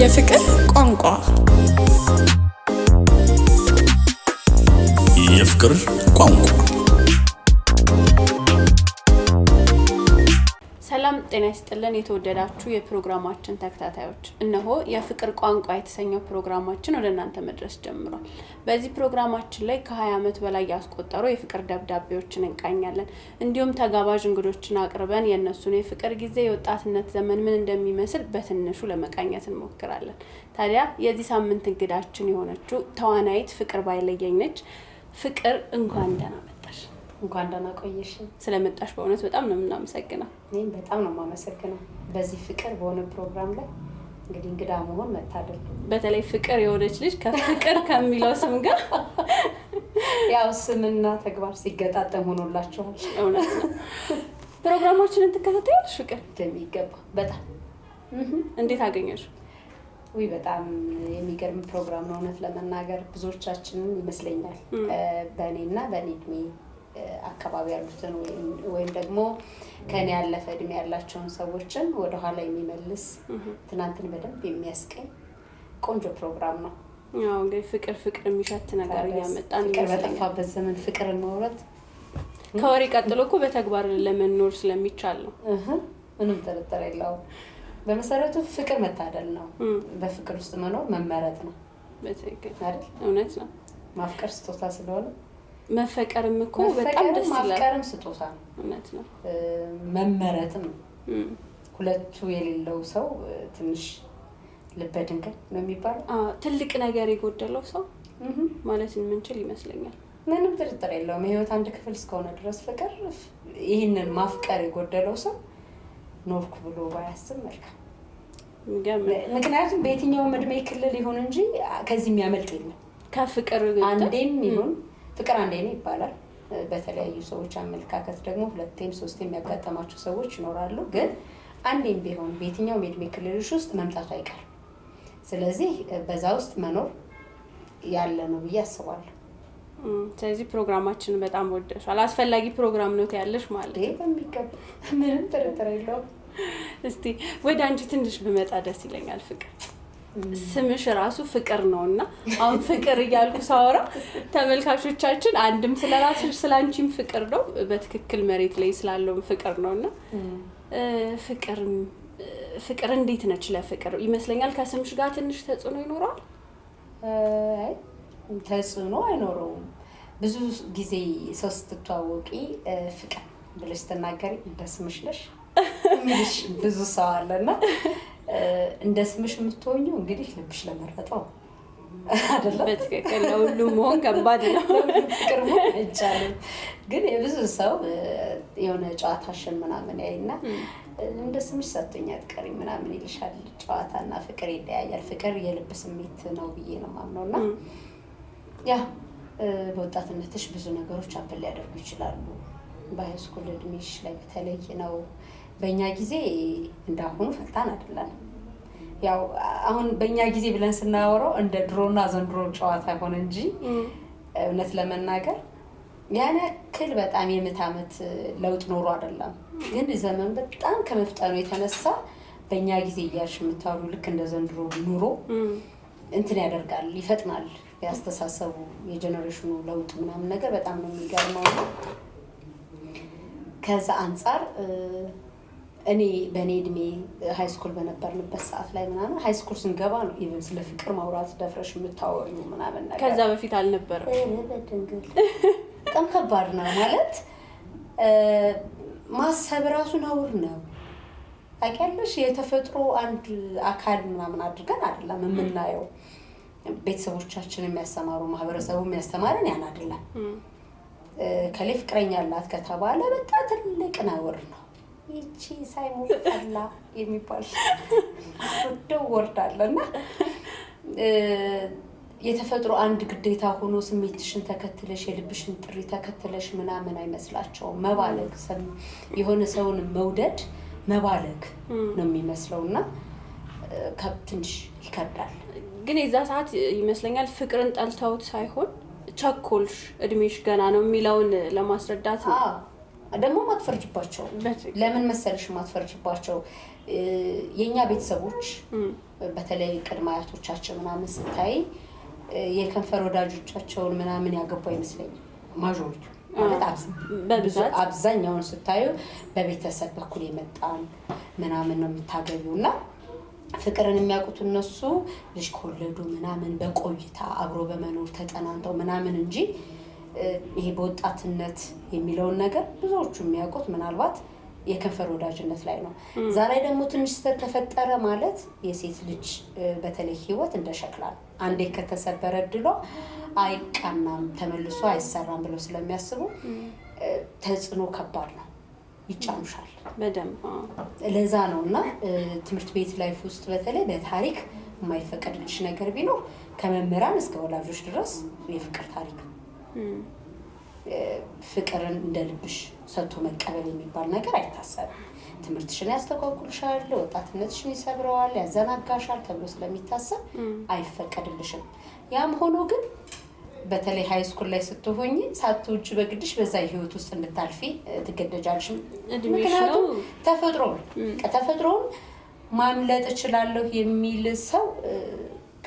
የፍቅር ቋንቋ የፍቅር ቋንቋ ጤና ይስጥልን የተወደዳችሁ የፕሮግራማችን ተከታታዮች፣ እነሆ የፍቅር ቋንቋ የተሰኘው ፕሮግራማችን ወደ እናንተ መድረስ ጀምሯል። በዚህ ፕሮግራማችን ላይ ከ20 ዓመት በላይ ያስቆጠሩ የፍቅር ደብዳቤዎችን እንቃኛለን። እንዲሁም ተጋባዥ እንግዶችን አቅርበን የእነሱን የፍቅር ጊዜ፣ የወጣትነት ዘመን ምን እንደሚመስል በትንሹ ለመቃኘት እንሞክራለን። ታዲያ የዚህ ሳምንት እንግዳችን የሆነችው ተዋናይት ፍቅር ባይለየኝ ነች። ፍቅር እንኳን ደህና እንኳን ደህና ቆየሽ። ስለመጣሽ በእውነት በጣም ነው የምናመሰግነው። እኔም በጣም ነው የማመሰግነው። በዚህ ፍቅር በሆነ ፕሮግራም ላይ እንግዲህ እንግዳ መሆን መታደል፣ በተለይ ፍቅር የሆነች ልጅ ከፍቅር ከሚለው ስም ጋር ያው ስምና ተግባር ሲገጣጠም ሆኖላችኋል። እውነት ነው። ፕሮግራማችንን ትከታተያለሽ? ፍቅር እንደሚገባ በጣም እንዴት አገኘሽ? ውይ በጣም የሚገርም ፕሮግራም ነው እውነት ለመናገር ብዙዎቻችንን ይመስለኛል በእኔና በእኔ እድሜ አካባቢ ያሉትን ወይም ደግሞ ከኔ ያለፈ እድሜ ያላቸውን ሰዎችን ወደኋላ የሚመልስ ትናንትን በደንብ የሚያስቀኝ ቆንጆ ፕሮግራም ነው። እንግዲህ ፍቅር ፍቅር የሚሸት ነገር እያመጣን ፍቅር በጠፋበት ዘመን ፍቅርን ማውረት ከወሬ ቀጥሎ እኮ በተግባር ለመኖር ስለሚቻል ነው። ምንም ጥርጥር የለው። በመሰረቱ ፍቅር መታደል ነው። በፍቅር ውስጥ መኖር መመረጥ ነው። በትክክል እውነት ነው። ማፍቀር ስጦታ ስለሆነ መፈቀርም እኮ በጣም ደስ ይላል። ማፍቀርም ስጦታ ነው። እውነት ነው። መመረጥም ሁለቱ የሌለው ሰው ትንሽ ልበ ድንገት ነው የሚባለው። ትልቅ ነገር የጎደለው ሰው ማለት የምንችል ይመስለኛል። ምንም ጥርጥር የለውም። የህይወት አንድ ክፍል እስከሆነ ድረስ ፍቅር ይህንን ማፍቀር የጎደለው ሰው ኖርኩ ብሎ ባያስብ መልካም። ምክንያቱም በየትኛውም እድሜ ክልል ይሁን እንጂ ከዚህ የሚያመልጥ የለም ከፍቅር አንዴም ይሁን ፍቅር አንዴ ነው ይባላል። በተለያዩ ሰዎች አመለካከት ደግሞ ሁለቴም ሶስቴም የሚያጋጠማቸው ሰዎች ይኖራሉ። ግን አንዴም ቢሆን በየትኛውም የዕድሜ ክልሎች ውስጥ መምጣቱ አይቀርም። ስለዚህ በዛ ውስጥ መኖር ያለ ነው ብዬ አስባለሁ። ስለዚህ ፕሮግራማችን በጣም ወደሻል። አስፈላጊ ፕሮግራም ነው ያለሽ ማለት ነው። በሚገባ ምንም ጥርጥር የለውም። እስቲ ወደ አንቺ ትንሽ ብመጣ ደስ ይለኛል ፍቅር ስምሽ ራሱ ፍቅር ነው እና አሁን ፍቅር እያልኩ ሳወራ ተመልካቾቻችን አንድም ስለ ራስሽ ስለ አንቺም ፍቅር ነው፣ በትክክል መሬት ላይ ስላለውም ፍቅር ነው እና ፍቅር ፍቅር እንዴት ነች? ለፍቅር ይመስለኛል ከስምሽ ጋር ትንሽ ተጽዕኖ ይኖረዋል። ተጽዕኖ አይኖረውም። ብዙ ጊዜ ሰው ስትተዋወቂ ፍቅር ብለሽ ስትናገሪ በስምሽ ነሽ የሚልሽ ብዙ ሰው አለ አለና እንደ ስምሽ የምትሆኚው እንግዲህ ልብሽ ለመረጠው አይደለም። ለሁሉም መሆን ከባድ ነው። ቅርቡ አይቻልም። ግን የብዙ ሰው የሆነ ጨዋታሽን ምናምን ያይና እንደ ስምሽ ሰጥቶኝ አትቀሪም ምናምን ይልሻል። ጨዋታና ፍቅር ይለያያል። ፍቅር የልብ ስሜት ነው ብዬ ነው የማምነው እና ያ በወጣትነትሽ ብዙ ነገሮች አብል ሊያደርጉ ይችላሉ። በሃይስኩል እድሜሽ ላይ በተለይ ነው በእኛ ጊዜ እንዳሁኑ ፈጣን አይደለም። ያው አሁን በእኛ ጊዜ ብለን ስናወራው እንደ ድሮና ዘንድሮ ጨዋታ ሆነ እንጂ እውነት ለመናገር ያን ያክል በጣም የምት ዓመት ለውጥ ኖሮ አይደለም። ግን ዘመን በጣም ከመፍጠኑ የተነሳ በእኛ ጊዜ እያልሽ የምታወሩ ልክ እንደ ዘንድሮ ኑሮ እንትን ያደርጋል፣ ይፈጥናል። ያስተሳሰቡ የጀኔሬሽኑ ለውጥ ምናምን ነገር በጣም ነው የሚገርመው ነው ከዛ አንጻር እኔ በእኔ እድሜ ሃይስኩል በነበርንበት ሰዓት ላይ ምናምን ስኩል ስንገባ ነው ኢቨን ስለ ፍቅር ማውራት ደፍረሽ የምታወሩ ምናምን ነገር። ከዛ በፊት አልነበረም። በጣም ከባድ ነው ማለት ማሰብ ራሱ ነውር ነው ታውቂያለሽ። የተፈጥሮ አንድ አካል ምናምን አድርገን አይደለም የምናየው። ቤተሰቦቻችን የሚያስተማሩ ማህበረሰቡ የሚያስተማረን ያን አይደለም። ከሌ ፍቅረኛ አላት ከተባለ በጣም ትልቅ ነውር ነው። ይቺ ሳይሞቅ ፈላ የሚባል ወደው ወርዳለ እና የተፈጥሮ አንድ ግዴታ ሆኖ ስሜትሽን ተከትለሽ የልብሽን ጥሪ ተከትለሽ ምናምን አይመስላቸውም። መባለግ የሆነ ሰውን መውደድ መባለግ ነው የሚመስለው እና ትንሽ ይከብዳል። ግን የዛ ሰዓት ይመስለኛል ፍቅርን ጠልተውት ሳይሆን ቸኮልሽ፣ እድሜሽ ገና ነው የሚለውን ለማስረዳት ነው። ደግሞ ማትፈርጅባቸው ለምን መሰለሽ ማትፈርጅባቸው የእኛ ቤተሰቦች በተለይ ቅድመ አያቶቻቸው ምናምን ስታይ የከንፈር ወዳጆቻቸውን ምናምን ያገባ ይመስለኛል ማጆሪቱ አብዛኛውን ስታዩ በቤተሰብ በኩል የመጣን ምናምን ነው የምታገቢው እና ፍቅርን የሚያውቁት እነሱ ልጅ ከወለዱ ምናምን በቆይታ አብሮ በመኖር ተጠናንተው ምናምን እንጂ ይሄ በወጣትነት የሚለውን ነገር ብዙዎቹ የሚያውቁት ምናልባት የከንፈር ወዳጅነት ላይ ነው። እዛ ላይ ደግሞ ትንሽ ስህተት ተፈጠረ ማለት የሴት ልጅ በተለይ ህይወት እንደ ሸክላ ነው። አንዴ ከተሰበረ ድሎ አይቃናም፣ ተመልሶ አይሰራም ብለው ስለሚያስቡ ተጽዕኖ ከባድ ነው። ይጫኑሻል በደንብ ለዛ ነው እና ትምህርት ቤት ላይፍ ውስጥ በተለይ በታሪክ የማይፈቀድልሽ ነገር ቢኖር ከመምህራን እስከ ወላጆች ድረስ የፍቅር ታሪክ ነው። ፍቅርን እንደ ልብሽ ሰጥቶ መቀበል የሚባል ነገር አይታሰብም። ትምህርትሽን ያስተጓጉልሻል፣ ወጣትነትሽን ይሰብረዋል፣ ያዘናጋሻል ተብሎ ስለሚታሰብ አይፈቀድልሽም። ያም ሆኖ ግን በተለይ ሀይ ስኩል ላይ ስትሆኝ ሳትውጭ በግድሽ በዛ ህይወት ውስጥ እንድታልፊ ትገደጃለሽ። ምክንያቱም ተፈጥሮን ከተፈጥሮን ማምለጥ እችላለሁ የሚል ሰው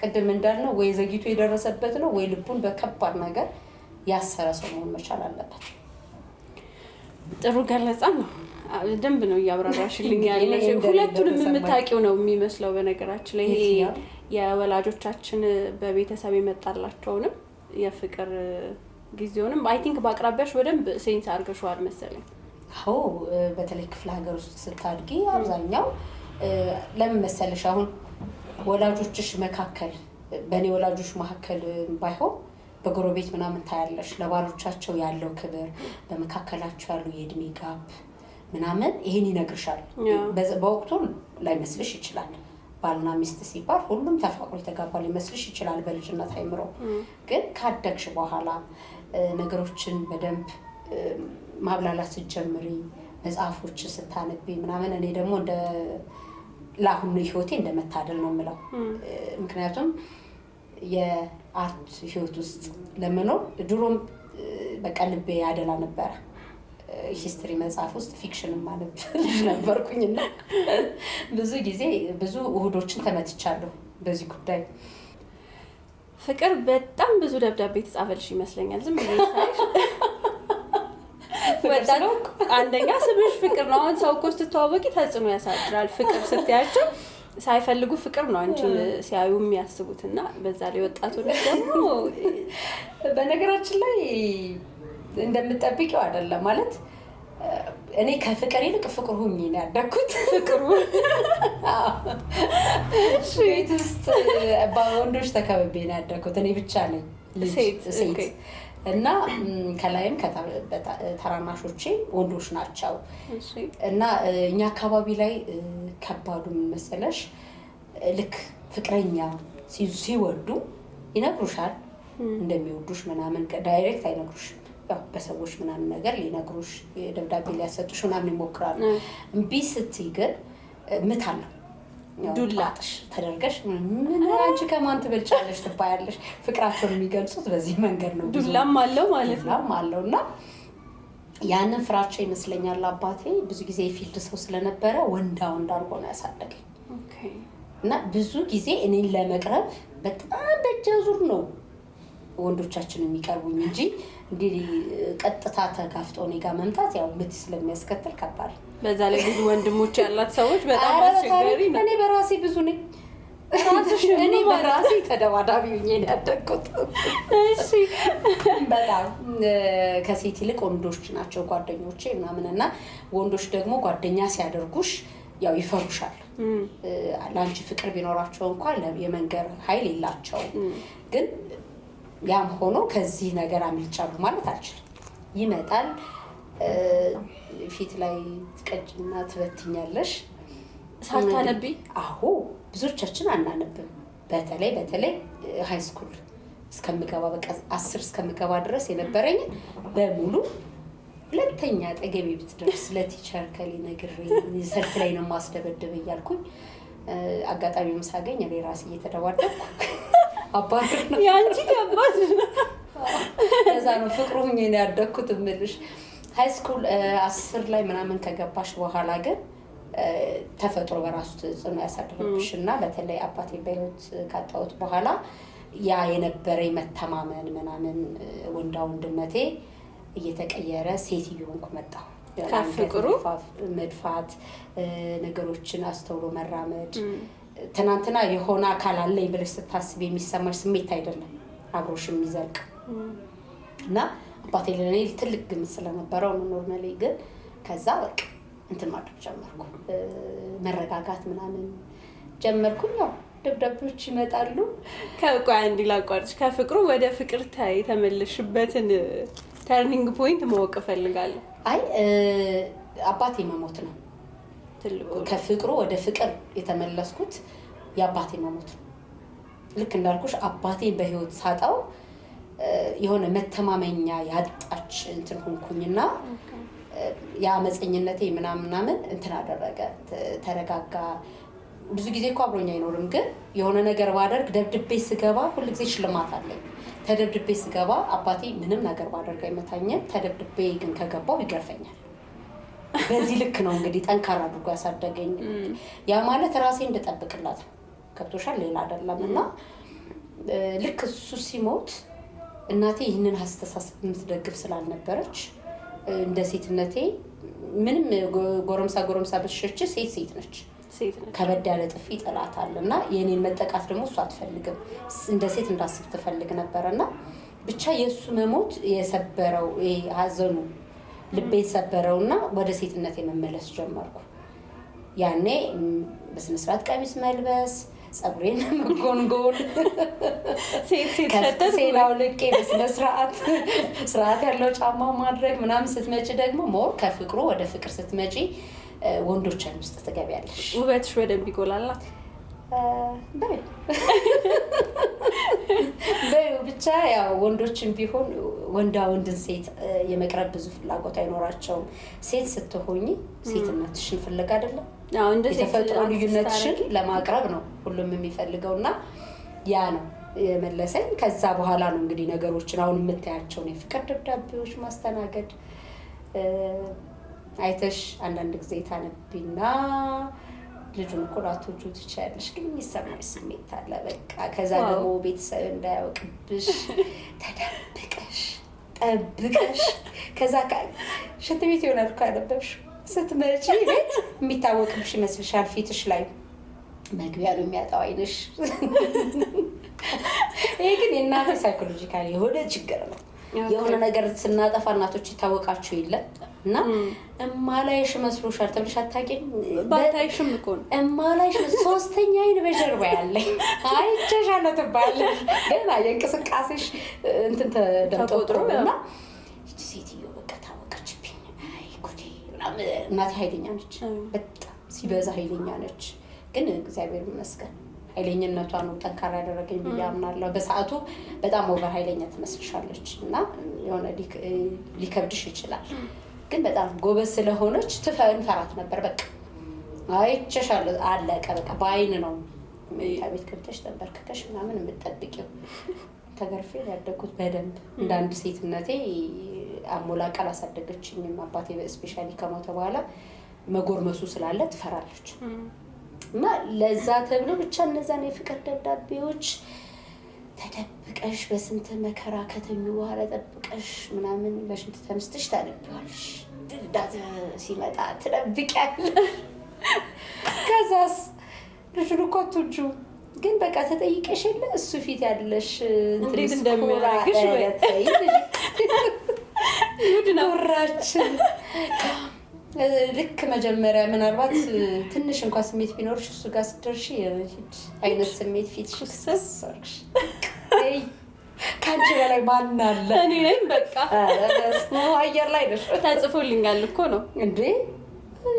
ቅድም እንዳልነው ወይ ዘግይቶ የደረሰበት ነው ወይ ልቡን በከባድ ነገር ያሰረ ሰው መሆን መቻል አለበት። ጥሩ ገለጻ ነው። ደንብ ነው እያብራራሽልኝ ያለ ሁለቱንም የምታውቂው ነው የሚመስለው። በነገራችን ላይ ይሄ የወላጆቻችን በቤተሰብ የመጣላቸውንም የፍቅር ጊዜውንም አይ ቲንክ በአቅራቢያሽ በደንብ ሴንስ አድርገሽዋል መሰለኝ። አዎ በተለይ ክፍለ ሀገር ውስጥ ስታድጊ አብዛኛው ለምን መሰለሽ አሁን ወላጆችሽ መካከል በእኔ ወላጆች መካከል ባይሆን በጎረቤት ምናምን ታያለሽ። ለባሎቻቸው ያለው ክብር፣ በመካከላቸው ያሉ የእድሜ ጋብ ምናምን ይህን ይነግርሻል። በወቅቱ ላይመስልሽ ይችላል። ባልና ሚስት ሲባል ሁሉም ተፋቅሮ የተጋባ ሊመስልሽ ይችላል በልጅነት አይምሮ። ግን ካደግሽ በኋላ ነገሮችን በደንብ ማብላላት ስትጀምሪ፣ መጽሐፎች ስታነቢ ምናምን እኔ ደግሞ ለአሁኑ ህይወቴ እንደመታደል ነው የምለው ምክንያቱም የአርት ህይወት ውስጥ ለመኖር ድሮም በቃ ልቤ ያደላ ነበረ። ሂስትሪ መጽሐፍ ውስጥ ፊክሽን ማነብ ነበርኩኝና ብዙ ጊዜ ብዙ ውህዶችን ተመትቻለሁ በዚህ ጉዳይ። ፍቅር በጣም ብዙ ደብዳቤ የተጻፈልሽ ይመስለኛል። ዝም አንደኛ ስምሽ ፍቅር ነው። አሁን ሰው እኮ ስትተዋወቂ ተጽዕኖ ያሳድራል። ፍቅር ስትያቸው ሳይፈልጉ ፍቅር ነው አንቺ ሲያዩ የሚያስቡት እና በዛ ላይ ወጣቱ ደግሞ በነገራችን ላይ እንደምጠብቂው አይደለም ማለት እኔ ከፍቅር ይልቅ ፍቅር ሁኝ ነው ያደግኩት። ፍቅሩ ቤት ውስጥ በወንዶች ተከብቤ ነው ያደግኩት። እኔ ብቻ ነኝ ሴት እና ከላይም ተራናሾቼ ወንዶች ናቸው እና እኛ አካባቢ ላይ ከባዱ መሰለሽ፣ ልክ ፍቅረኛ ሲወዱ ይነግሩሻል እንደሚወዱሽ ምናምን፣ ዳይሬክት አይነግሩሽም። ያው በሰዎች ምናምን ነገር ሊነግሩሽ ደብዳቤ ሊያሰጡሽ ምናምን ይሞክራሉ። እምቢ ስትይ ግን ምት አለው ዱላጥሽ ተደርገሽ ምን አንቺ ከማን ትበልጫለሽ ትባያለሽ። ፍቅራቸውን የሚገልጹት በዚህ መንገድ ነው። ዱላም አለው ማለት ነው አለው እና ያንን ፍራቸው ይመስለኛል። አባቴ ብዙ ጊዜ የፊልድ ሰው ስለነበረ ወንዳ ወንድ አድርጎ ነው ያሳደገኝ እና ብዙ ጊዜ እኔን ለመቅረብ በጣም በእጅ ዙር ነው ወንዶቻችን የሚቀርቡኝ እንጂ እንዲህ ቀጥታ ተጋፍጦ እኔ ጋር መምጣት ያው ምት ስለሚያስከትል ከባድ። በዛ ላይ ብዙ ወንድሞች ያላት ሰዎች በጣም አስቸጋሪ ነው። በራሴ ብዙ ነኝ። እኔ በራሴ ተደባዳቢ ሆኜ ነው ያደግኩት። እሺ በጣም ከሴት ይልቅ ወንዶች ናቸው ጓደኞቼ ምናምን እና ወንዶች ደግሞ ጓደኛ ሲያደርጉሽ ያው ይፈሩሻል። ለአንቺ ፍቅር ቢኖራቸው እንኳን የመንገር ኃይል የላቸው። ግን ያም ሆኖ ከዚህ ነገር አምልጫለሁ ማለት አልችልም። ይመጣል ፊት ላይ ትቀጭና ትበትኛለሽ ሳታነቢ? አዎ ብዙዎቻችን አናነብም። በተለይ በተለይ ሀይ ስኩል እስከምገባ በቃ አስር እስከምገባ ድረስ የነበረኝ በሙሉ ሁለተኛ ጠገቢ ብትደርስ ለቲቸር ከሌ ነግሬ ሰልፍ ላይ ነው ማስደበድብ እያልኩኝ አጋጣሚውን ሳገኝ እኔ ራሴ እየተደባደብኩ አባድር ነው የአንቺ ገባት እዛ ነው ፍቅሩ ሁኜ ነው ያደግኩት። እምልሽ ሀይ ስኩል አስር ላይ ምናምን ከገባሽ በኋላ ግን ተፈጥሮ በራሱ ተጽዕኖ ያሳደረብሽ እና በተለይ አባቴ በህይወት ካጣሁት በኋላ ያ የነበረ መተማመን ምናምን ወንዳ ወንድነቴ እየተቀየረ ሴት እየሆንኩ መጣሁ። ፍቅሩ መድፋት፣ ነገሮችን አስተውሎ መራመድ ትናንትና የሆነ አካል አለኝ ብለሽ ስታስብ የሚሰማሽ ስሜት አይደለም አብሮሽ የሚዘልቅ እና አባቴ ለእኔ ትልቅ ግምት ስለነበረው ኖርማሊ ግን ከዛ በቃ እንትን ማድረግ ጀመርኩ፣ መረጋጋት ምናምን ጀመርኩኝ። ያው ደብዳቤዎች ይመጣሉ። ከቆይ አንድ ላቋርጭ። ከፍቅሩ ወደ ፍቅር የተመለሽበትን ተርኒንግ ፖይንት ማወቅ እፈልጋለሁ። አይ አባቴ መሞት ነው ከፍቅሩ ወደ ፍቅር የተመለስኩት የአባቴ መሞት ነው። ልክ እንዳልኩሽ አባቴ በህይወት ሳጣው የሆነ መተማመኛ ያጣች እንትን ሆንኩኝና የአመፀኝነቴ ምናምን ምናምን እንትን አደረገ፣ ተረጋጋ። ብዙ ጊዜ እኮ አብሮኝ አይኖርም፣ ግን የሆነ ነገር ባደርግ ደብድቤ ስገባ ሁልጊዜ ሽልማት አለኝ። ተደብድቤ ስገባ አባቴ ምንም ነገር ባደርግ አይመታኝም። ተደብድቤ ግን ከገባው ይገርፈኛል። በዚህ ልክ ነው እንግዲህ ጠንካራ አድርጎ ያሳደገኝ። ያ ማለት ራሴ እንድጠብቅላት ነው። ገብቶሻል? ሌላ አይደለም። እና ልክ እሱ ሲሞት እናቴ ይህንን አስተሳሰብ የምትደግፍ ስላልነበረች እንደ ሴትነቴ ምንም ጎረምሳ ጎረምሳ ብሽች ሴት ሴት ነች። ከበድ ያለ ጥፊ ጥላታል እና የእኔን መጠቃት ደግሞ እሱ አትፈልግም። እንደ ሴት እንዳስብ ትፈልግ ነበረ እና ብቻ የእሱ መሞት የሰበረው ሀዘኑ ልቤ የሰበረው እና ወደ ሴትነት የመመለስ ጀመርኩ። ያኔ በስነስርዓት ቀሚስ መልበስ ጸጉሬን መጎንጎን ሴናው ልቄ በስነ ስርዓት ስርዓት ያለው ጫማ ማድረግ ምናምን። ስትመጪ ደግሞ ሞር ከፍቅሩ ወደ ፍቅር ስትመጪ ወንዶችን ውስጥ ትገቢያለሽ። ውበትሽ ይጎላላት በዩ ብቻ ያው ወንዶችን ቢሆን ወንዳ ወንድን ሴት የመቅረብ ብዙ ፍላጎት አይኖራቸውም። ሴት ስትሆኝ ሴትነትሽን ፍለግ አይደለም የተፈጥሮ ልዩነትሽን ለማቅረብ ነው ሁሉም የሚፈልገው እና ያ ነው የመለሰኝ። ከዛ በኋላ ነው እንግዲህ ነገሮችን አሁን የምታያቸውን የፍቅር ደብዳቤዎች ማስተናገድ አይተሽ አንዳንድ ጊዜ ታነቢና ልጁን ኩራቶቹ ትችላለሽ፣ ግን የሚሰማ ስሜት አለ። በቃ ከዛ ደግሞ ቤተሰብ እንዳያውቅብሽ ተደብቀሽ ጠብቀሽ ከዛ ሽንት ቤት ይሆናል ካነበብሽ ስትመጪ ቤት የሚታወቅብሽ ይመስልሻል። ፊትሽ ላይ መግቢያ ነው የሚያጣው አይንሽ። ይሄ ግን የእናንተ ሳይኮሎጂካል የሆነ ችግር ነው። የሆነ ነገር ስናጠፋ እናቶች ይታወቃቸው የለ እና እማላይሽ መስሎሻል ተብለሽ አታውቂም። ባታይሽም እኮ ነው እማላይሽ ሶስተኛ አይን በጀርባ ያለኝ አይቼሻለሁ ትባያለሽ። ገና የእንቅስቃሴሽ እንትን ተቆጥሮ እና ሴትዮ በቃ ታወቀችብኝ። እናቴ ኃይለኛ ነች፣ በጣም ሲበዛ ኃይለኛ ነች። ግን እግዚአብሔር ይመስገን ኃይለኝነቷ ነው ጠንካራ ያደረገኝ ብዬ አምናለሁ። በሰዓቱ በጣም ኦቨር ኃይለኛ ትመስልሻለች እና የሆነ ሊከብድሽ ይችላል። ግን በጣም ጎበዝ ስለሆነች ትፈንፈራት ነበር። በቃ አይቼሻለሁ፣ አለቀ። በቃ በአይን ነው ቤት ገብተሽ ተንበርክከሽ ምናምን የምትጠብቂው። ተገርፌ ያደግኩት በደንብ እንደ አንድ ሴትነቴ አሞላቀል አሳደገችኝም። አባቴ ስፔሻሊ ከሞተ በኋላ መጎርመሱ ስላለ ትፈራለች። እና ለዛ ተብሎ ብቻ እነዛን የፍቅር ደብዳቤዎች ተደብቀሽ በስንት መከራ ከተኙ በኋላ ጠብቀሽ ምናምን በሽንት ተነስተሽ ታነቢዋለሽ። ድዳት ሲመጣ ትደብቂያለሽ። ከዛስ ልጁን እኮ አትወጂው ግን በቃ ተጠይቀሽ የለ እሱ ፊት ያለሽ እንዴት እንደሚያደርግሽ ወራችን ልክ መጀመሪያ ምናልባት ትንሽ እንኳ ስሜት ቢኖርሽ እሱ ጋር ስትደርሺ የበፊት አይነት ስሜት ፊት ሽክስስ ከአንቺ በላይ ማን አለ? እኔ ነኝ በቃ አየር ላይ ነሽ። ተጽፎልኛል እኮ ነው እንዴ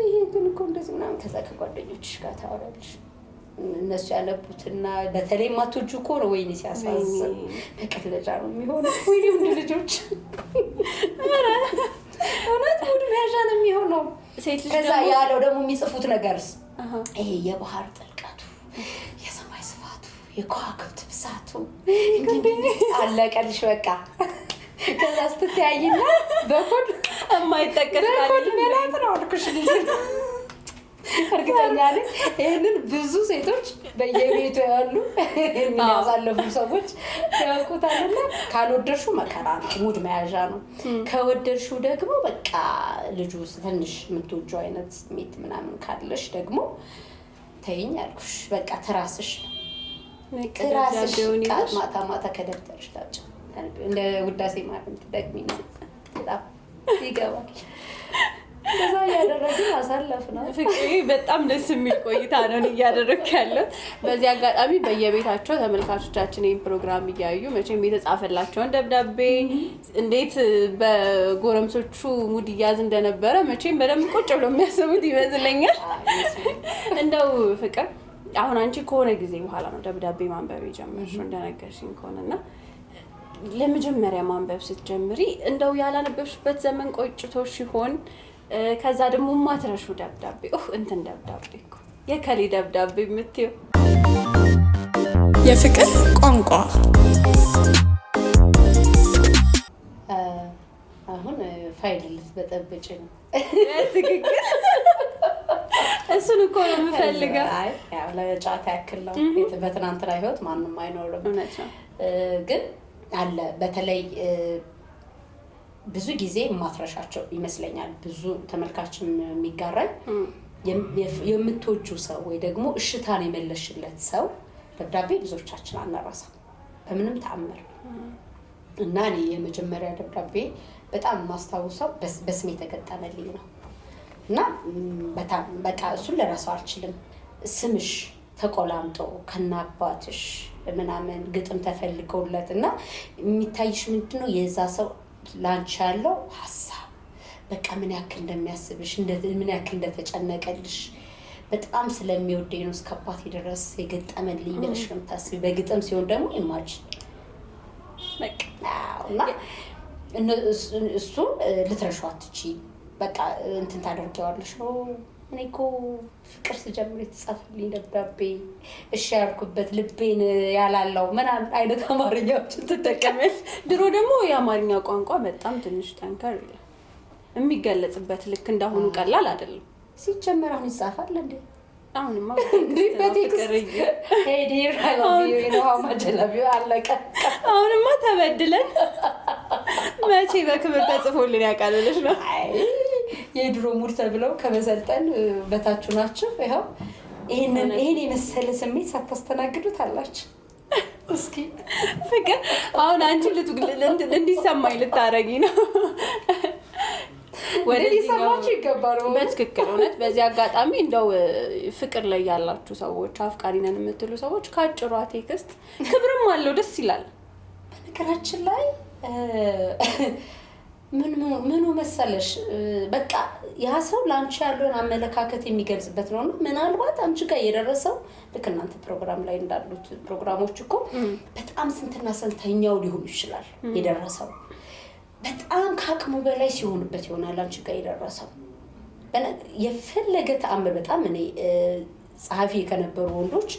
ይሄ ግን እኮ እንደዚህ ምናምን። ከዛ ከጓደኞችሽ ጋር ታወራለሽ እነሱ ያለቡትና በተለይ ማቶጁ እኮ ነው። ወይኔ ሲያሳዝን መቀለጃ ነው የሚሆነው። ወይኔ ወንድ ልጆች እውነት ሙድ መያዣ ነው የሚሆነው። ሴት ልጅ ከዛ ያለው ደግሞ የሚጽፉት ነገርስ ይሄ የባህር ጥልቀቱ፣ የሰማይ ስፋቱ፣ የከዋክብት ብዛቱ አለቀልሽ በቃ። ከዛ ስትተያይና በኮድ የማይጠቀስ ነው አልኩሽ ልጅ እርግጠኛ ነኝ ይህንን ብዙ ሴቶች በየቤቱ ያሉ ያሳለፉ ሰዎች ያውቁታልና፣ ካልወደድሽው መከራ ነው፣ ሙድ መያዣ ነው። ከወደድሽው ደግሞ በቃ ልጁ ትንሽ የምትወጁ አይነት ስሜት ምናምን ካለሽ ደግሞ ተይኝ ያልኩሽ በቃ ትራስሽ ነው ትራስሽ ማታ ማታ ከደብተርሽ ታጭ እንደ ውዳሴ ማለት ደግሚ ነው ይገባል። እንደዛ እያደረግን አሳለፍ ነው። ፍቅሬ በጣም ደስ የሚል ቆይታ ነው እያደረግ ያለው። በዚህ አጋጣሚ በየቤታቸው ተመልካቾቻችን ይህን ፕሮግራም እያዩ መቼም የተጻፈላቸውን ደብዳቤ እንዴት በጎረምሶቹ ሙድ እያዝ እንደነበረ መቼም በደንብ ቁጭ ብሎ የሚያስቡት ይመስለኛል። እንደው ፍቅር አሁን አንቺ ከሆነ ጊዜ በኋላ ነው ደብዳቤ ማንበብ የጀመርሽው እንደነገርሽኝ ከሆነና ለመጀመሪያ ማንበብ ስትጀምሪ እንደው ያላነበብሽበት ዘመን ቆጭቶሽ ሲሆን ከዛ ደግሞ ማትረሹ ደብዳቤ እንትን ደብዳቤ እኮ የከሌ ደብዳቤ የምትይው የፍቅር ቋንቋ አሁን ፋይል ልትበጠብጭ ነው። ትክክል። እሱን እኮ ነው የምፈልገው። ለጨዋታ ያክል ነው። በትናንትና ህይወት ማንም አይኖርም፣ ግን አለ በተለይ ብዙ ጊዜ ማትረሻቸው ይመስለኛል። ብዙ ተመልካችም የሚጋራኝ የምትወጁ ሰው ወይ ደግሞ እሽታን የመለሽለት ሰው ደብዳቤ ብዙዎቻችን አናራሳ በምንም ተአምር እና እኔ የመጀመሪያ ደብዳቤ በጣም ማስታውሰው በስሜ የተገጠመልኝ ነው እና በጣም በቃ እሱን ልረሳው አልችልም። ስምሽ ተቆላምጦ ከናባትሽ ምናምን ግጥም ተፈልገውለት እና የሚታይሽ ምንድነው የዛ ሰው ላንቺ ያለው ሀሳብ በቃ ምን ያክል እንደሚያስብሽ ምን ያክል እንደተጨነቀልሽ በጣም ስለሚወደኝ ነው እስከ አባቴ ድረስ የገጠመልኝ ብለሽ ነው የምታስቢው። በግጥም ሲሆን ደግሞ ይማች እና እሱም ልትረሺው አትችይም። በቃ እንትን ታደርጊዋለሽ ነው እኔ እኮ ፍቅር ስጀምር የተጻፈልኝ ደብዳቤ እሺ ያልኩበት ልቤን ያላለው ምናምን አይነት አማርኛዎችን ትጠቀመል። ድሮ ደግሞ የአማርኛ ቋንቋ በጣም ትንሽ ጠንከር የሚገለጽበት ልክ እንዳሁኑ ቀላል አይደለም። ሲጀመር አሁን ይጻፋል እንዴ? አሁንማ ተበድለን መቼ በክብር ተጽፎልን ያውቃልልሽ ነው የድሮ ሙድ ተብለው ከመሰልጠን በታችሁ ናቸው። ይኸው ይህንን ይህን የመሰለ ስሜት ሳታስተናግዱት አላችሁ። እስኪ ፍቅር አሁን አንቺ እንዲሰማኝ ልታረጊ ነው። ወደሰማቸው ይገባሉ። በትክክል እውነት። በዚህ አጋጣሚ እንደው ፍቅር ላይ ያላችሁ ሰዎች፣ አፍቃሪ ነን የምትሉ ሰዎች ከአጭሯ ቴክስት ክብርም አለው ደስ ይላል። በነገራችን ላይ ምኑ መሰለሽ በቃ ያ ሰው ለአንቺ ያለውን አመለካከት የሚገልጽበት ነው። እና ምናልባት አንቺ ጋር የደረሰው ልክ እናንተ ፕሮግራም ላይ እንዳሉት ፕሮግራሞች እኮ በጣም ስንትና ስንተኛው ሊሆኑ ይችላል የደረሰው በጣም ከአቅሙ በላይ ሲሆንበት ይሆናል አንቺ ጋር የደረሰው የፈለገ ተአምር። በጣም እኔ ጸሐፊ ከነበሩ ወንዶች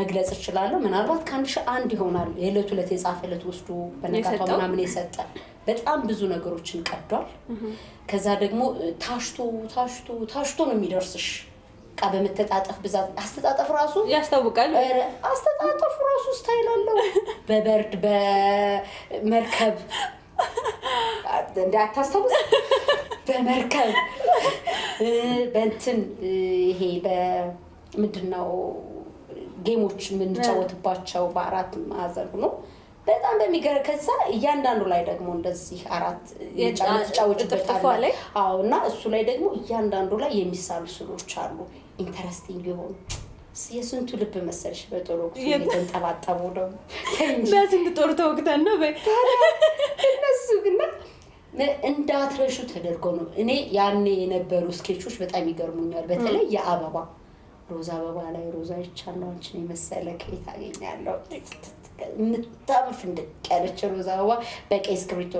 መግለጽ እችላለሁ። ምናልባት ከአንድ ሺህ አንድ ይሆናል የዕለት ሁለት የጻፈ ዕለት ወስዶ በነጋቷ ምናምን የሰጠ በጣም ብዙ ነገሮችን ቀዷል። ከዛ ደግሞ ታሽቶ ታሽቶ ታሽቶ ነው የሚደርስሽ። እቃ በመተጣጠፍ ብዛት አስተጣጠፍ ራሱ ያስታውቃል። አስተጣጠፉ ራሱ ስታይል አለው። በበርድ በመርከብ እንደ አታስታውስ በመርከብ በእንትን ይሄ በምንድን ነው ጌሞች የምንጫወትባቸው በአራት ማዕዘን ሆኖ በጣም በሚገር ከዛ እያንዳንዱ ላይ ደግሞ እንደዚህ አራት የጫወጫወጭበታለ አዎ። እና እሱ ላይ ደግሞ እያንዳንዱ ላይ የሚሳሉ ስሎች አሉ ኢንተረስቲንግ የሆኑ የስንቱ ልብ መሰለሽ በጦር ወቅቱ የተንጠባጠቡ ነው። በስንት ጦር ተወቅተን ነው እነሱ ግና እንዳትረሹ ተደርጎ ነው። እኔ ያኔ የነበሩ ስኬቾች በጣም ይገርሙኛል። በተለይ የአበባ ሮዝ አበባ ላይ ሮዛ ይቻ አንቺን የመሰለ ከየት አገኛለሁ የምታምር እንድቅ ያለች ሮዝ አበባ በቀይ እስክሪብቶ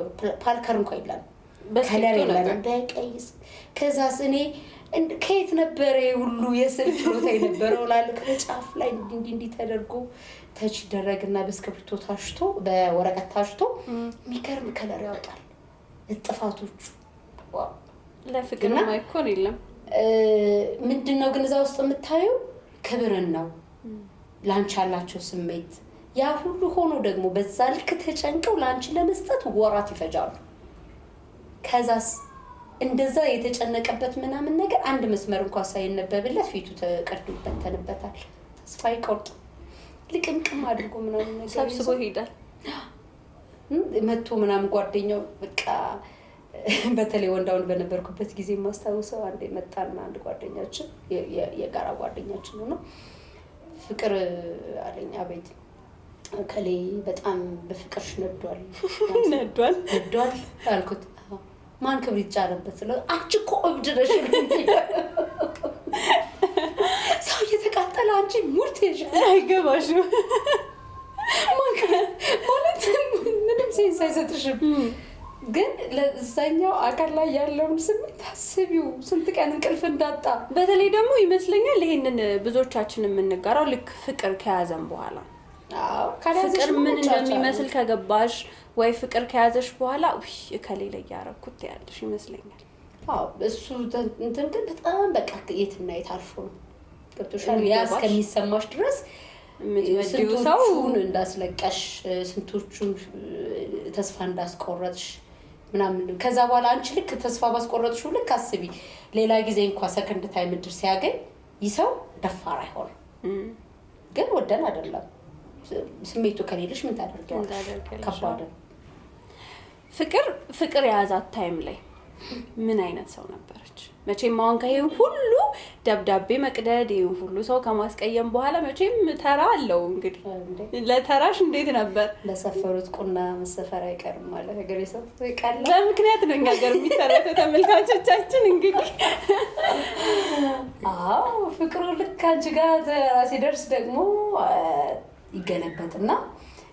ፓልከር እንኳ ይላል ከለር የለም በቀይ ከዛስ እኔ ከየት ነበረ ሁሉ የስዕል ችሎታ የነበረው ላል ከጫፍ ላይ እንዲህ እንዲህ ተደርጎ ተች ይደረግና በእስክሪብቶ ታሽቶ በወረቀት ታሽቶ የሚገርም ከለር ያወጣል። እጥፋቶቹ ለፍቅር ማይኮን የለም። ምንድን ነው ግን እዛ ውስጥ የምታየው ክብርን ነው ለአንቺ ያላቸው ስሜት ያ ሁሉ ሆኖ ደግሞ በዛ ልክ ተጨንቀው ለአንቺ ለመስጠት ወራት ይፈጃሉ። ከዛስ እንደዛ የተጨነቀበት ምናምን ነገር አንድ መስመር እንኳ ሳይነበብለት ፊቱ ተቀዶበተንበታል። ተስፋ ይቆርጥ ልቅምቅም አድርጎ ምናምን ነገር ሰብስቦ ይሄዳል። መቶ ምናምን ጓደኛው በቃ በተለይ ወንዳውን በነበርኩበት ጊዜ የማስታውሰው አንድ መጣና አንድ ጓደኛችን የጋራ ጓደኛችን ነው ፍቅር አለኝ አቤት ከሌ በጣም በፍቅርሽ ነዷል ነዷል ነዷል አልኩት። ማን ክብር ይጫረበት ስለ አንቺ እኮ እብድ ነሽ፣ ሰው እየተቃጠለ አንቺ ሙርት አይገባሽም ማለት ምንም ሴንስ አይሰጥሽም። ግን ለዛኛው አካል ላይ ያለውን ስሜት አስቢው። ስንት ቀን እንቅልፍ እንዳጣ በተለይ ደግሞ ይመስለኛል ይሄንን ብዙዎቻችን የምንጋራው ልክ ፍቅር ከያዘን በኋላ ፍቅር ምን እንደሚመስል ከገባሽ ወይ ፍቅር ከያዘሽ በኋላ ከሌለ እያረኩት ያለሽ ይመስለኛል። እሱ እንትን ግን በጣም በቃ የትና የት አልፎ ነው ገብቶሻል። ያ እስከሚሰማሽ ድረስ ስንቶቹን እንዳስለቀሽ፣ ስንቶቹን ተስፋ እንዳስቆረጥሽ ምናምን ከዛ በኋላ አንቺ ልክ ተስፋ ባስቆረጥሽ ልክ አስቢ፣ ሌላ ጊዜ እንኳ ሰከንድ ታይም ምድር ሲያገኝ ይሰው ደፋር አይሆንም። ግን ወደን አይደለም ስሜቱ ከሌለሽ ምን ታደርጊዋለሽ? ከባድ ፍቅር ፍቅር የያዛት ታይም ላይ ምን አይነት ሰው ነበረች? መቼም አሁን ከይህ ሁሉ ደብዳቤ መቅደድ ይህን ሁሉ ሰው ከማስቀየም በኋላ መቼም ተራ አለው እንግዲህ። ለተራሽ እንዴት ነበር? ለሰፈሩት ቁና መሰፈር አይቀርም አለ ሀገር ሰው ይቃል። በምክንያት ነው እኛ ሀገር የሚተረተው ተመልካቾቻችን። እንግዲህ አዎ ፍቅሩ ልክ አንቺ ጋር ሲደርስ ደግሞ ይገለበጥና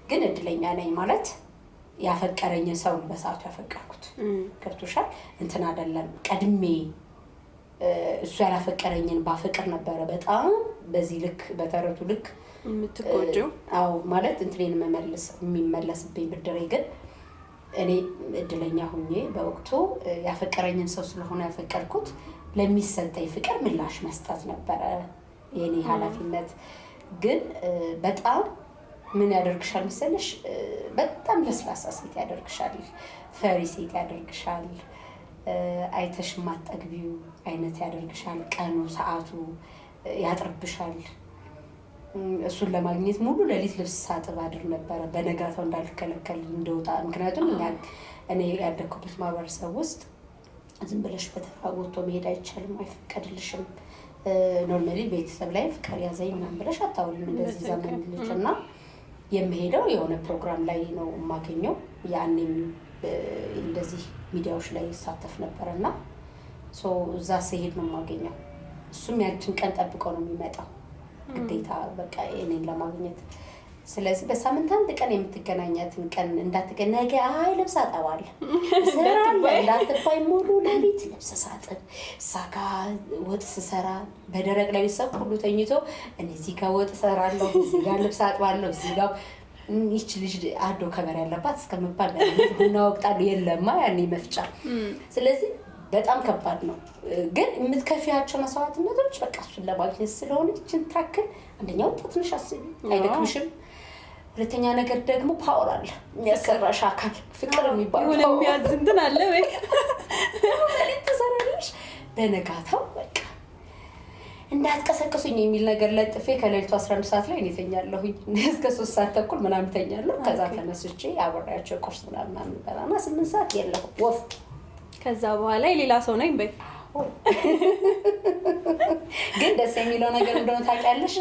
ግን እድለኛ ነኝ ማለት ያፈቀረኝን ሰውን በሰዓቱ ያፈቀርኩት ገብቶሻል። እንትን አይደለም ቀድሜ እሱ ያላፈቀረኝን ባፈቅር ነበረ በጣም በዚህ ልክ በተረቱ ልክ የምትጎጂው። ማለት እንትኔን መመልስ የሚመለስብኝ ብድሬ ግን እኔ እድለኛ ሁኜ በወቅቱ ያፈቀረኝን ሰው ስለሆነ ያፈቀርኩት ለሚሰጠኝ ፍቅር ምላሽ መስጠት ነበረ የኔ ኃላፊነት። ግን በጣም ምን ያደርግሻል መሰለሽ? በጣም ለስላሳ ሴት ያደርግሻል፣ ፈሪ ሴት ያደርግሻል፣ አይተሽ ማጠግቢው አይነት ያደርግሻል። ቀኑ ሰዓቱ ያጥርብሻል። እሱን ለማግኘት ሙሉ ሌሊት ልብስ ሳጥብ አድር ነበረ፣ በነጋታው እንዳልከለከል እንደወጣ። ምክንያቱም እኔ ያደግኩበት ማህበረሰብ ውስጥ ዝም ብለሽ በተራ ወጥቶ መሄድ አይቻልም፣ አይፈቀድልሽም። ኖርማሊ ቤተሰብ ላይ ፍቅር ያዘኝ ምናምን ብለሽ አታውሪም። እንደዚህ ዘመን ልጅ እና የምሄደው የሆነ ፕሮግራም ላይ ነው የማገኘው። ያኔም እንደዚህ ሚዲያዎች ላይ ይሳተፍ ነበር እና እዛ ስሄድ ነው የማገኘው። እሱም ያንችን ቀን ጠብቀው ነው የሚመጣው ግዴታ በቃ እኔን ለማግኘት ስለዚህ በሳምንት አንድ ቀን የምትገናኛትን ቀን እንዳትገኝ፣ ነገ አይ ልብስ አጠባል ስራለ እንዳትባይ፣ ሙሉ ለሊት ልብስ ሳጥብ ሳካ ወጥ ስሰራ በደረቅ ላይ ሰብ ሁሉ ተኝቶ እኔ እዚህ ጋር ወጥ ሰራለሁ፣ እዚህ ጋር ልብስ አጥባለሁ፣ እዚህ ጋር ይች ልጅ አዶ ከበር ያለባት እስከምባል ቡና ወቅጣሉ የለማ ያኔ መፍጫ። ስለዚህ በጣም ከባድ ነው። ግን የምትከፊያቸው መስዋዕትነቶች በቃ እሱን ለማግኘት ስለሆነ ይችን ታክል አንደኛው ትንሽ አስቢ አይደክምሽም ሁለተኛ ነገር ደግሞ ፓወር አለ። የሚያሰራሽ አካል ፍቅር የሚባለው የሚያዝ እንትን አለ ወይ ተሰራለሽ። በነጋታው በቃ እንዳትቀሰቀሱኝ የሚል ነገር ለጥፌ ከሌሊቱ 11 ሰዓት ላይ እኔ ተኛለሁኝ እስከ ሶስት ሰዓት ተኩል ምናምን ተኛለሁ። ከዛ ተነስቼ አብሬያቸው ቁርስ ምናምን ምናምን በላና ስምንት ሰዓት የለሁም ወፍ ከዛ በኋላ የሌላ ሰው ነኝ በይ ግን ደስ የሚለው ነገር እንደሆነ ታውቂያለሽ፣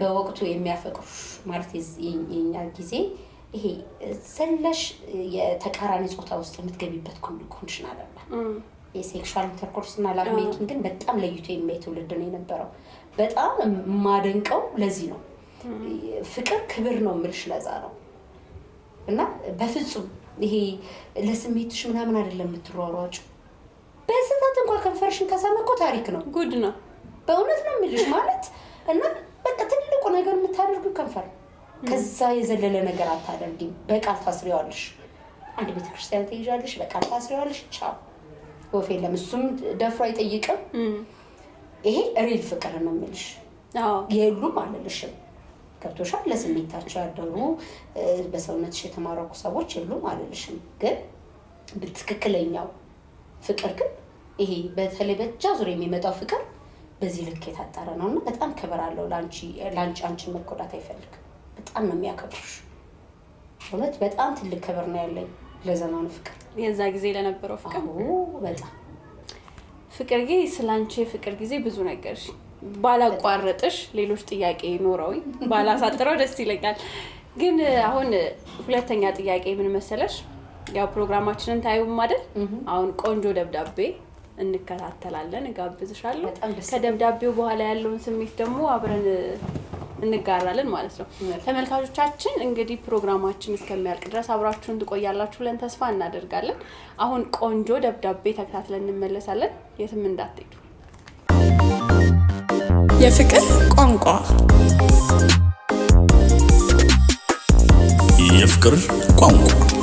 በወቅቱ የሚያፈቅሩሽ ማለት የኛ ጊዜ ይሄ ዘለሽ የተቃራኒ ፆታ ውስጥ የምትገቢበት ኮንዲሽን አለና የሴክሹዋል ኢንተርኮርስ እና ላቭ ግን በጣም ለይቶ የሚያይ ትውልድ ነው የነበረው። በጣም የማደንቀው ለዚህ ነው። ፍቅር ክብር ነው የምልሽ ለዛ ነው። እና በፍጹም ይሄ ለስሜትሽ ምናምን አይደለም የምትሯሯጭው ከንፈርሽን ከሳመ እኮ ታሪክ ነው፣ ጉድ ነው። በእውነት ነው የሚልሽ ማለት እና በቃ ትልቁ ነገር የምታደርጉ ከንፈር፣ ከዛ የዘለለ ነገር አታደርጊም። በቃል ታስሪዋለሽ። አንድ ቤተክርስቲያን ትይዣለሽ፣ በቃል ታስሪዋለሽ። ቻው ወፍ የለም። እሱም ደፍሮ አይጠይቅም። ይሄ ሪል ፍቅር ነው የሚልሽ የሉም አልልሽም። ገብቶሻል። ለስሜታቸው ያደሩ በሰውነትሽ የተማረኩ ሰዎች የሉም አልልሽም። ግን ትክክለኛው ፍቅር ግን ይሄ በተለይ በእጅ ዙሪያ የሚመጣው ፍቅር በዚህ ልክ የታጠረ ነው እና በጣም ክብር አለው ለአንቺ። አንቺን መጎዳት አይፈልግም። በጣም ነው የሚያከብርሽ። እውነት በጣም ትልቅ ክብር ነው ያለኝ ለዘመኑ ፍቅር፣ የዛ ጊዜ ለነበረው ፍቅር። በጣም ፍቅር ጊዜ ስለ አንቺ ፍቅር ጊዜ ብዙ ነገርሽ ባላቋረጥሽ ሌሎች ጥያቄ ኖረውኝ ባላሳጥረው ደስ ይለኛል። ግን አሁን ሁለተኛ ጥያቄ ምን መሰለሽ፣ ያው ፕሮግራማችንን ታዩ ማደል አሁን ቆንጆ ደብዳቤ እንከታተላለን። እጋብዝሻለሁ። ከደብዳቤው በኋላ ያለውን ስሜት ደግሞ አብረን እንጋራለን ማለት ነው። ተመልካቾቻችን እንግዲህ ፕሮግራማችን እስከሚያልቅ ድረስ አብራችሁን ትቆያላችሁ ብለን ተስፋ እናደርጋለን። አሁን ቆንጆ ደብዳቤ ተከታትለን እንመለሳለን። የትም እንዳትሄዱ። የፍቅር ቋንቋ የፍቅር ቋንቋ